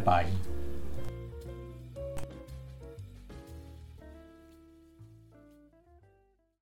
拜拜。